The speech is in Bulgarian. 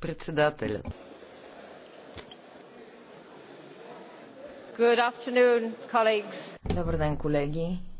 Председателя. Добър ден, колеги.